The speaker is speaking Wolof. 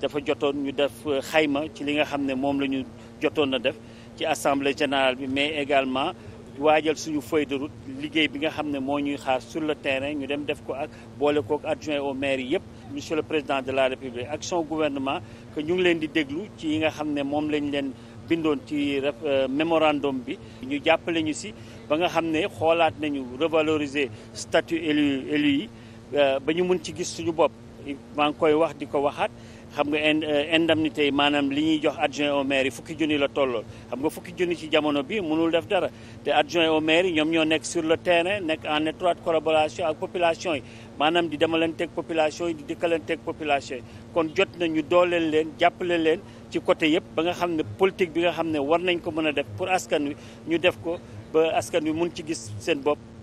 dafa jotoon ñu def euh, xayma ci li nga xam ne moom la ñu jotoon na def ci assemblée générale bi mais également waajal suñu feuille de route liggéey bi nga xam ne moo ñuy xaar sur le terrain ñu dem def ko ak boole kook adjoint au maire yëpp monsieur le président de la république ak son gouvernement que ñu ngi leen di déglu ci yi nga xam ne moom lañ leen bindoon ci euh, mémorandum bi ñu jàppale ñu si ba nga xam ne xoolaat nañu revaloriser statut élu élu yi euh, ba ñu mun ci gis suñu bopp maa ngi koy wax di ko waxaat xam nga euh, indemnité yi maanaam li ñuy jox adjoint au maire yi fukki junni la tollool xam nga fukki junni ci jamono bi mënul def dara te adjoint au maire yi ñoom ñoo nekk sur le terrain nekk en étroite collaboration ak population yi maanaam di demalanteeg population yi di dikkalanteeg population yi kon jot nañu dooleel leen jàppale leen ci côté yëpp ba nga xam ne politique bi nga xam ne war nañ ko mën a def pour askan wi ñu def ko ba askan wi mun ci gis seen bopp